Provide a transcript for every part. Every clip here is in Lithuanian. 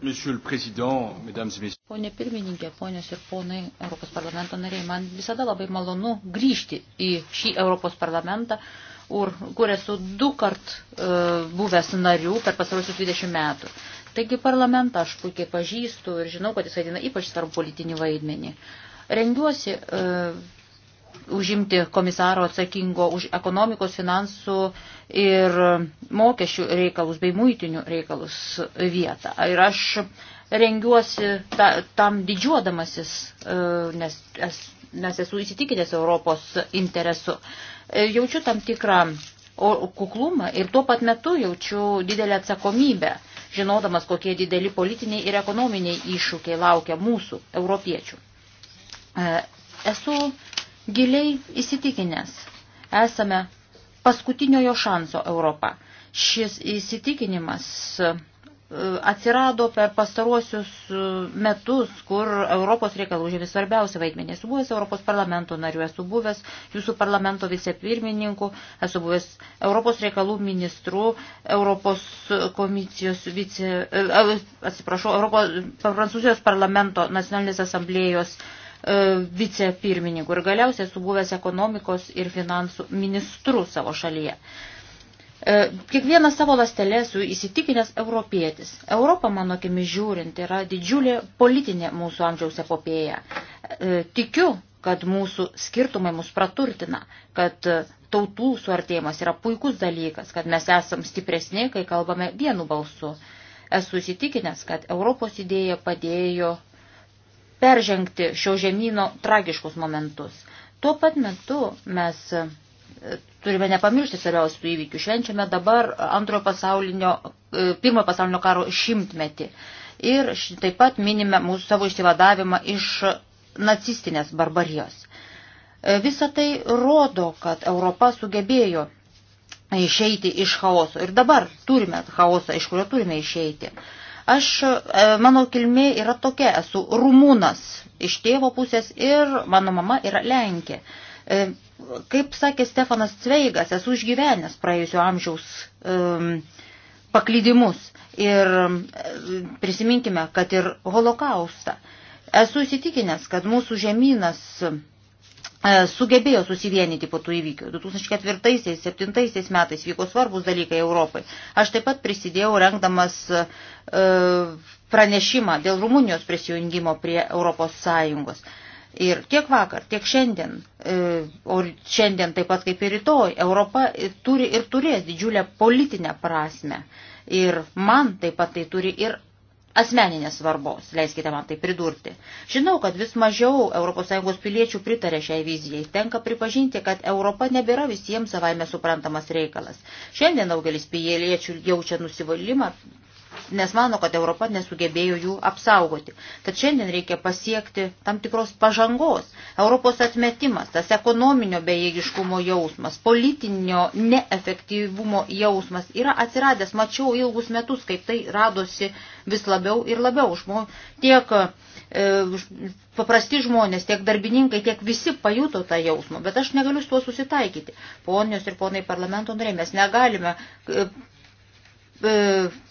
Pone pirmininkė, ponios ir ponai Europos parlamento nariai, man visada labai malonu grįžti į šį Europos parlamentą, kur esu du kart e, buvęs narių per pasarusius 20 metų. Taigi parlamentą aš puikiai pažįstu ir žinau, kad jis vaidina ypač svarbų politinį vaidmenį. Rengiuosi e, užimti komisaro atsakingo už ekonomikos, finansų ir mokesčių reikalus bei muitinių reikalus vietą. Ir aš rengiuosi ta, tam didžiuodamasis, e, nes, nes esu įsitikinęs Europos interesu. E, jaučiu tam tikrą kuklumą ir tuo pat metu jaučiu didelę atsakomybę, žinodamas, kokie dideli politiniai ir ekonominiai iššūkiai laukia mūsų, europiečių. E, esu giliai įsitikinęs. Esame paskutiniojo šanso Europą. Šis įsitikinimas e, atsirado per pastaruosius e, metus, kur Europos reikalų užėmė svarbiausią vaidmenį. Esu buvęs Europos parlamento nariu, esu buvęs jūsų parlamento vicepirmininku, esu buvęs Europos reikalų ministru, Europos komisijos vice, e, atsiprašau, Europos, Prancūzijos parlamento nacionalinės asamblėjos uh, E, vicepirmininku ir galiausiai esu buvęs ekonomikos ir finansų ministru savo šalyje. E, kiekvienas savo lastelė esu įsitikinęs europietis. Europa, mano akimis žiūrint, yra didžiulė politinė mūsų amžiaus epopėja. E, tikiu, kad mūsų skirtumai mus praturtina, kad tautų suartėjimas yra puikus dalykas, kad mes esam stipresni, kai kalbame vienu balsu. Esu įsitikinęs, kad Europos idėja padėjo peržengti šio žemynų tragiškus momentus. Tuo pat metu mes e, turime nepamiršti svarbiausių įvykių. Švenčiame dabar antrojo pasaulinio, e, pirmojo pasaulinio karo šimtmetį. Ir taip pat minime mūsų savo išsivadavimą iš nacistinės barbarijos. E, visa tai rodo, kad Europa sugebėjo išeiti iš chaoso. Ir dabar turime chaosą, iš kurio turime išeiti. Aš, e, mano kilmė yra tokia, esu rumūnas iš tėvo pusės ir mano mama yra Lenkė. E, kaip sakė Stefanas Cveigas, esu išgyvenęs praėjusio amžiaus um, paklydimus ir prisiminkime, kad ir holokaustą. Esu įsitikinęs, kad mūsų žemynas E, sugebėjo susivienyti po tų įvykių. 2004-2007 metais vyko svarbus dalykai Europai. Aš taip pat prisidėjau rengdamas e, pranešimą dėl Rumunijos prisijungimo prie Europos Sąjungos. Ir tiek vakar, tiek šiandien, e, o šiandien taip pat kaip ir rytoj, Europa turi ir turės didžiulę politinę prasme. Ir man taip pat tai turi ir asmeninės svarbos, leiskite man tai pridurti. Žinau, kad vis mažiau ES piliečių pritarė šiai vizijai. Tenka pripažinti, kad Europa nebėra visiems savaime suprantamas reikalas. Šiandien daugelis piliečių jaučia nusivalimą nes mano, kad Europa nesugebėjo jų apsaugoti. Tad šiandien reikia pasiekti tam tikros pažangos. Europos atmetimas, tas ekonominio bejėgiškumo jausmas, politinio neefektyvumo jausmas yra atsiradęs. Mačiau ilgus metus, kaip tai radosi vis labiau ir labiau. Žmo, tiek e, paprasti žmonės, tiek darbininkai, tiek visi pajuto tą jausmą, bet aš negaliu su tuo susitaikyti. Ponios ir ponai parlamento norėjai, mes negalime e, E,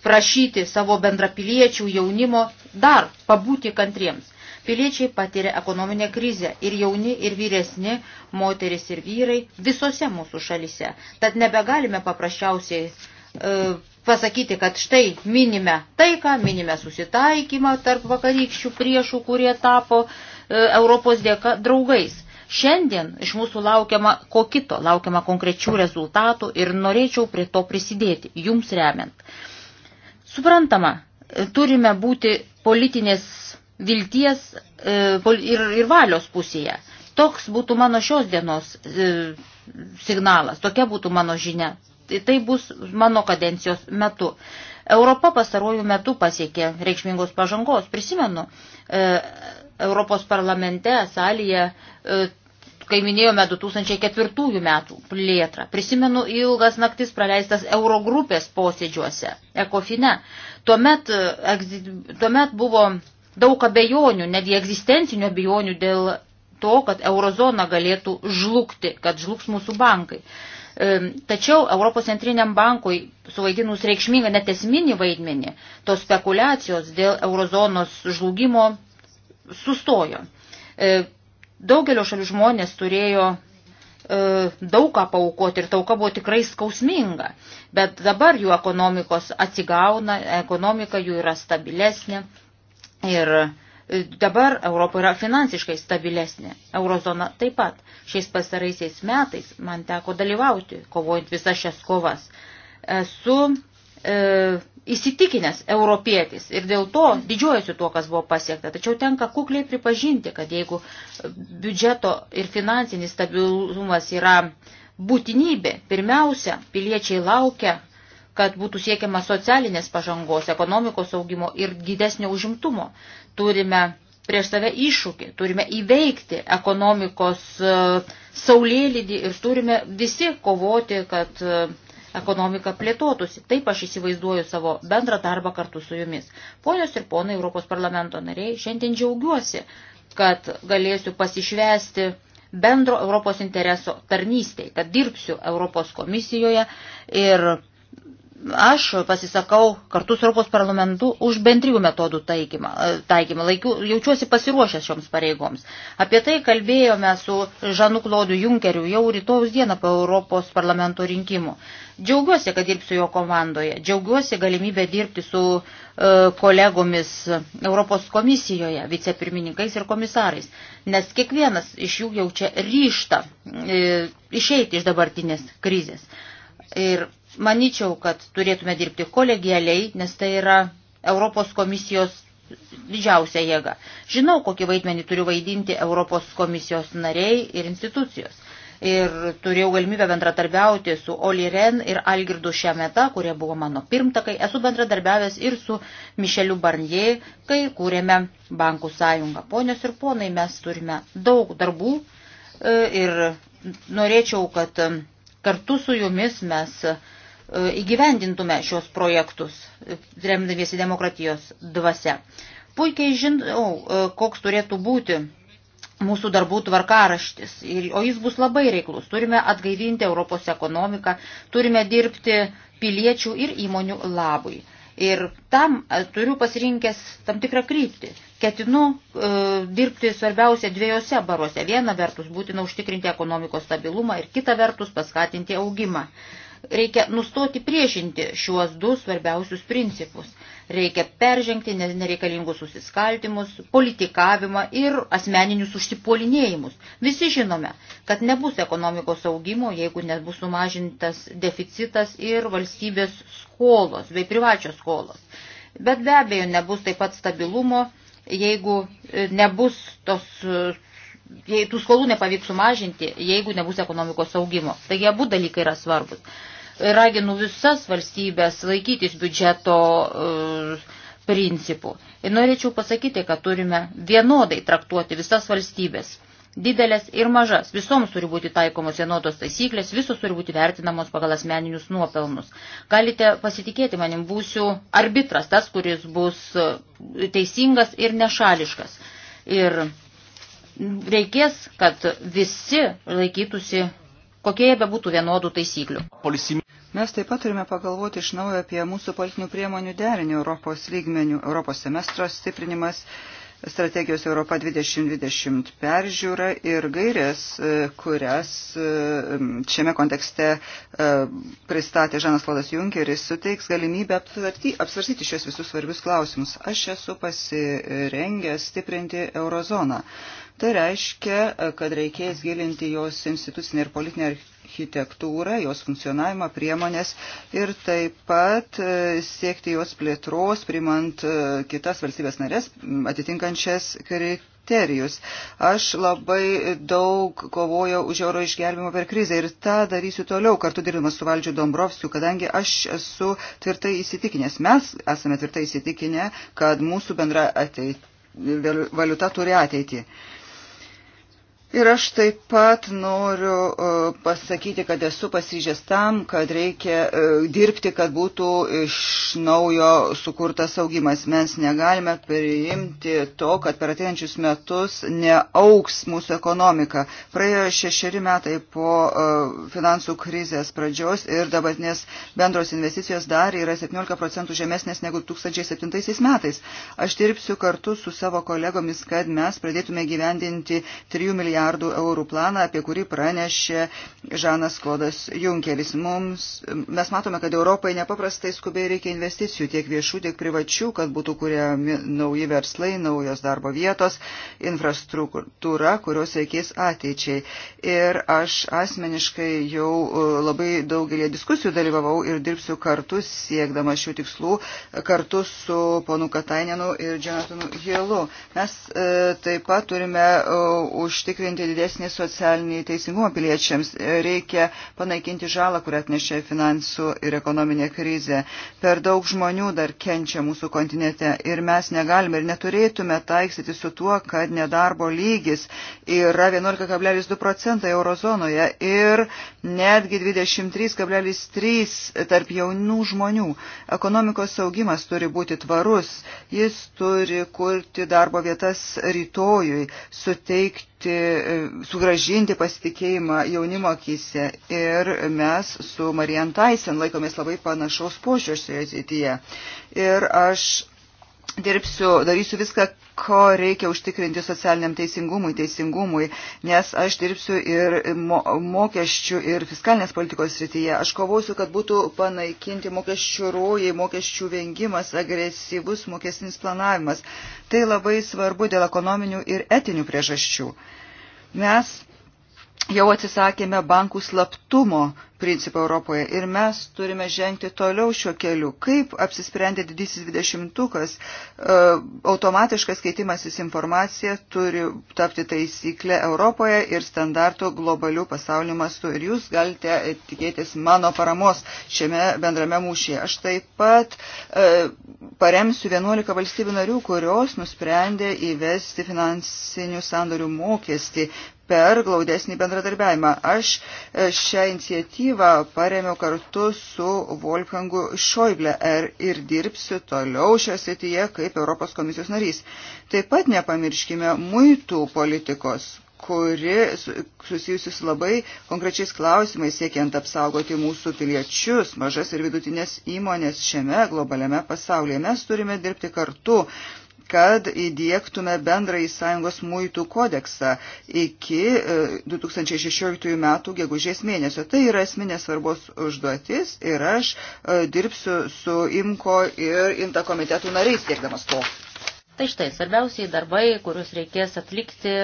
prašyti savo bendrapiliečių jaunimo dar pabūti kantriems. Piliečiai patiria ekonominę krizę ir jauni, ir vyresni, moteris ir vyrai visose mūsų šalise. Tad nebegalime paprasčiausiai e, pasakyti, kad štai minime taiką, minime susitaikymą tarp vakarykščių priešų, kurie tapo e, Europos dėka draugais. Šiandien iš mūsų laukiama ko kito, laukiama konkrečių rezultatų ir norėčiau prie to prisidėti, jums remiant. Suprantama, turime būti politinės vilties e, ir, ir valios pusėje. Toks būtų mano šios dienos e, signalas, tokia būtų mano žinia. Tai, tai bus mano kadencijos metu. Europa pastarojų metų pasiekė reikšmingos pažangos. Prisimenu, e, Europos parlamente salėje kai minėjome 2004 metų plėtrą. Prisimenu ilgas naktis praleistas Eurogrupės posėdžiuose, ekofine. Tuomet, e, tuomet buvo daug abejonių, netgi egzistencinių abejonių dėl to, kad eurozona galėtų žlugti, kad žlugs mūsų bankai. E, tačiau Europos centriniam bankui suvaidinus reikšmingą netesminį vaidmenį, tos spekulacijos dėl eurozonos žlugimo sustojo. E, Daugelio šalių žmonės turėjo e, daug ką paukoti ir tauka buvo tikrai skausminga. Bet dabar jų ekonomikos atsigauna, ekonomika jų yra stabilesnė ir e, dabar Europa yra finansiškai stabilesnė. Eurozona taip pat. Šiais pastaraisiais metais man teko dalyvauti, kovojant visas šias kovas. Esu e, įsitikinęs europietis ir dėl to didžiuojasi tuo, kas buvo pasiekta. Tačiau tenka kukliai pripažinti, kad jeigu biudžeto ir finansinis stabilumas yra būtinybė, pirmiausia, piliečiai laukia, kad būtų siekiama socialinės pažangos, ekonomikos augimo ir didesnio užimtumo. Turime prieš save iššūkį, turime įveikti ekonomikos e, saulėlydį ir turime visi kovoti, kad e, ekonomika plėtotųsi. Taip aš įsivaizduoju savo bendrą darbą kartu su jumis. Ponios ir ponai Europos parlamento nariai, šiandien džiaugiuosi, kad galėsiu pasišvesti bendro Europos intereso tarnystėj, kad dirbsiu Europos komisijoje ir Aš pasisakau kartu su Europos parlamentu už bendrijų metodų taikymą. E, taikymą. Laikiu, jaučiuosi pasiruošęs šioms pareigoms. Apie tai kalbėjome su Žanu Klodu Junkeriu jau rytojus dieną po Europos parlamento rinkimų. Džiaugiuosi, kad dirbsiu jo komandoje. Džiaugiuosi galimybę dirbti su e, kolegomis Europos komisijoje, vicepirmininkais ir komisarais. Nes kiekvienas iš jų jaučia ryštą e, išeiti iš dabartinės krizės. Ir Maničiau, kad turėtume dirbti kolegialiai, nes tai yra Europos komisijos didžiausia jėga. Žinau, kokį vaidmenį turiu vaidinti Europos komisijos nariai ir institucijos. Ir turėjau galimybę bendratarbiauti su Oli Ren ir Algirdu Šemeta, kurie buvo mano pirmtakai. Esu bendradarbiavęs ir su Mišeliu Barnie, kai kūrėme Bankų sąjungą. Ponios ir ponai, mes turime daug darbų e, ir norėčiau, kad e, kartu su jumis mes E, įgyvendintume šios projektus, e, remdamiesi demokratijos dvasia. Puikiai žinau, e, koks turėtų būti mūsų darbų tvarkaraštis, o jis bus labai reiklus. Turime atgaivinti Europos ekonomiką, turime dirbti piliečių ir įmonių labui. Ir tam turiu pasirinkęs tam tikrą kryptį. Ketinu e, dirbti svarbiausia dviejose baruose. Viena vertus būtina užtikrinti ekonomikos stabilumą ir kita vertus paskatinti augimą. Reikia nustoti priešinti šiuos du svarbiausius principus. Reikia peržengti nereikalingus susiskaldimus, politikavimą ir asmeninius užsipuolinėjimus. Visi žinome, kad nebus ekonomikos augimo, jeigu nebus sumažintas deficitas ir valstybės skolos bei privačios skolos. Bet be abejo nebus taip pat stabilumo, jeigu e, nebus tos jei tų skolų nepavyks sumažinti, jeigu nebus ekonomikos augimo. Taigi abu dalykai yra svarbus. Raginu visas valstybės laikytis biudžeto e, principų. Ir norėčiau pasakyti, kad turime vienodai traktuoti visas valstybės. Didelės ir mažas. Visoms turi būti taikomos vienodos taisyklės, visos turi būti vertinamos pagal asmeninius nuopelnus. Galite pasitikėti manim, būsiu arbitras, tas, kuris bus teisingas ir nešališkas. Ir reikės, kad visi laikytųsi, kokie jie bebūtų vienodų taisyklių. Mes taip pat turime pagalvoti iš naujo apie mūsų politinių priemonių derinį Europos lygmenių, Europos semestro stiprinimas, strategijos Europa 2020 peržiūra ir gairės, e, kurias e, šiame kontekste e, pristatė Žanas Klaudas Junkeris, suteiks galimybę apsvarstyti šios visus svarbius klausimus. Aš esu pasirengęs stiprinti eurozoną. Tai reiškia, kad reikės gilinti jos institucinę ir politinę architektūrą architektūrą, jos funkcionavimą, priemonės ir taip pat e, siekti jos plėtros, primant e, kitas valstybės narės atitinkančias kriterijus. Aš labai daug kovojau už euro išgelbimo per krizę ir tą darysiu toliau, kartu dirbdamas su valdžiu Dombrovskiu, kadangi aš esu tvirtai įsitikinęs, mes esame tvirtai įsitikinę, kad mūsų bendra ateit, valiuta turi ateitį. Ir aš taip pat noriu e, pasakyti, kad esu pasiryžęs tam, kad reikia e, dirbti, kad būtų iš naujo sukurtas augimas. Mes negalime priimti to, kad per ateinančius metus neauks mūsų ekonomika. Praėjo šešeri metai po e, finansų krizės pradžios ir dabartinės bendros investicijos dar yra 17 procentų žemesnės negu 2007 metais. Aš dirbsiu kartu su savo kolegomis, kad mes pradėtume gyvendinti 3 milijardų milijardų eurų planą, apie kurį pranešė Žanas Klodas Junkeris. Mums, mes matome, kad Europai nepaprastai skubiai reikia investicijų, tiek viešų, tiek privačių, kad būtų kuriami nauji verslai, naujos darbo vietos, infrastruktūra, kurios reikės ateičiai. Ir aš asmeniškai jau e, labai daugelį diskusijų dalyvavau ir dirbsiu kartu siekdama šių tikslų, kartu su ponu Katainenu ir Jonathanu Hillu. Mes e, taip pat turime e, užtikrinti užtikrinti didesnį socialinį teisingumą piliečiams. Reikia panaikinti žalą, kurią atnešė finansų ir ekonominė krizė. Per daug žmonių dar kenčia mūsų kontinente ir mes negalime ir neturėtume taiksyti su tuo, kad nedarbo lygis yra 11,2 procentai eurozonoje ir netgi 23,3 tarp jaunų žmonių. Ekonomikos saugimas turi būti tvarus. Jis turi kurti darbo vietas rytojui, suteikti sukurti, e, sugražinti pasitikėjimą jaunimo akise. Ir mes su Marian Taisen laikomės labai panašaus pošio šioje ateityje. Ir aš dirbsiu, darysiu viską, ko reikia užtikrinti socialiniam teisingumui, teisingumui, nes aš dirbsiu ir mo mokesčių ir fiskalinės politikos srityje. Aš kovosiu, kad būtų panaikinti mokesčių rojai, mokesčių vengimas, agresyvus mokestinis planavimas. Tai labai svarbu dėl ekonominių ir etinių priežasčių. Mes jau atsisakėme bankų slaptumo principą Europoje ir mes turime žengti toliau šiuo keliu. Kaip apsisprendė didysis dvidešimtukas, e, automatiškas keitimasis informacija turi tapti taisyklę Europoje ir standartų globalių pasaulio mastu. Ir jūs galite tikėtis mano paramos šiame bendrame mūšyje. Aš taip pat e, paremsiu 11 valstybių narių, kurios nusprendė įvesti finansinių sandorių mokestį per glaudesnį bendradarbiavimą. Aš e, šią iniciatyvą paremiau kartu su Wolfgangu Šoible er ir dirbsiu toliau šią srityje kaip Europos komisijos narys. Taip pat nepamirškime muitų politikos kuri susijusi su labai konkrečiais klausimais siekiant apsaugoti mūsų piliečius, mažas ir vidutinės įmonės šiame globaliame pasaulyje. Mes turime dirbti kartu kad įdėktume bendrąjį sąjungos muitų kodeksą iki 2016 e, metų gegužės mėnesio. Tai yra esminės svarbos užduotis ir aš e, dirbsiu su IMKO ir INTA komitetų nariais siekdamas to. Tai štai svarbiausiai darbai, kuriuos reikės atlikti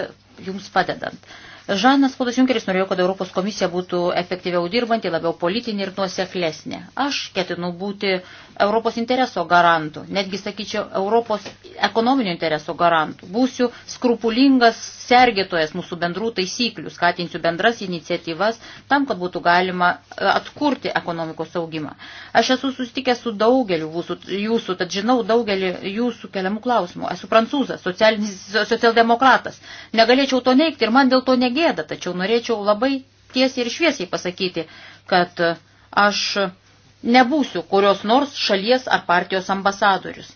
jums padedant. Žanas Podas Junkeris norėjo, kad Europos komisija būtų efektyviau dirbanti, labiau politinė ir nuoseklesnė. Aš ketinu būti Europos intereso garantų, netgi sakyčiau Europos ekonominio intereso garantų. Būsiu skrupulingas sergėtojas mūsų bendrų taisyklių, skatinsiu bendras iniciatyvas tam, kad būtų galima e, atkurti ekonomikos augimą. Aš esu susitikęs su daugeliu jūsų, jūsų tad žinau daugelį jūsų keliamų klausimų. Esu prancūzas, socialdemokratas. Negalėčiau to neikti ir man dėl to negalėčiau gėda, tačiau norėčiau labai tiesiai ir šviesiai pasakyti, kad aš nebūsiu kurios nors šalies ar partijos ambasadorius.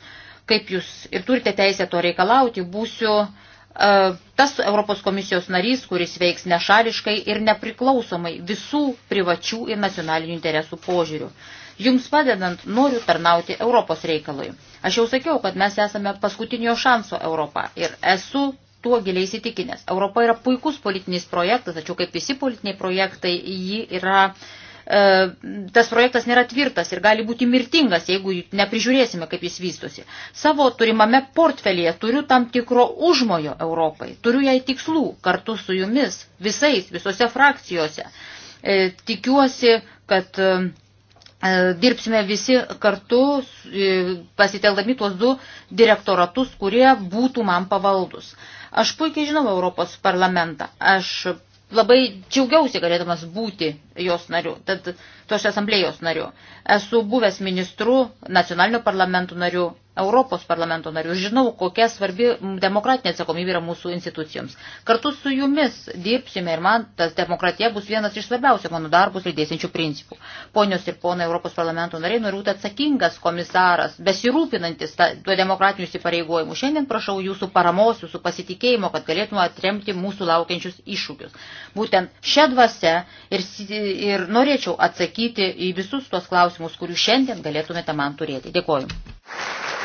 Kaip jūs ir turite teisę to reikalauti, būsiu uh, tas Europos komisijos narys, kuris veiks nešališkai ir nepriklausomai visų privačių ir nacionalinių interesų požiūrių. Jums padedant noriu tarnauti Europos reikalui. Aš jau sakiau, kad mes esame paskutinio šanso Europą ir esu tuo giliai įsitikinęs. Europa yra puikus politinis projektas, tačiau kaip visi politiniai projektai, jį yra, e, tas projektas nėra tvirtas ir gali būti mirtingas, jeigu neprižiūrėsime, kaip jis vystosi. Savo turimame portfelėje turiu tam tikro užmojo Europai, turiu jai tikslų kartu su jumis, visais, visose frakcijose. E, tikiuosi, kad e, e dirbsime visi kartu, e, pasiteldami tuos du direktoratus, kurie būtų man pavaldus. E, Aš puikiai žinau Europos parlamentą. Aš labai džiaugiausi galėdamas būti jos nariu, tad tos asamblėjos nariu. Esu buvęs ministru, nacionalinio parlamentų nariu, Europos parlamento narių. Žinau, kokia svarbi demokratinė atsakomybė yra mūsų institucijoms. Kartu su jumis dirbsime ir man tas demokratija bus vienas iš svarbiausių mano darbus lydėsinčių principų. Ponios ir ponai Europos parlamento nariai, noriu būti atsakingas komisaras, besirūpinantis tuo demokratiniu įsipareigojimu. Šiandien prašau jūsų paramos, jūsų pasitikėjimo, kad galėtume atremti mūsų laukiančius iššūkius. Būtent šią dvasę ir, ir norėčiau atsakyti į visus tuos klausimus, kurių šiandien galėtumėte man turėti. Dėkuoju.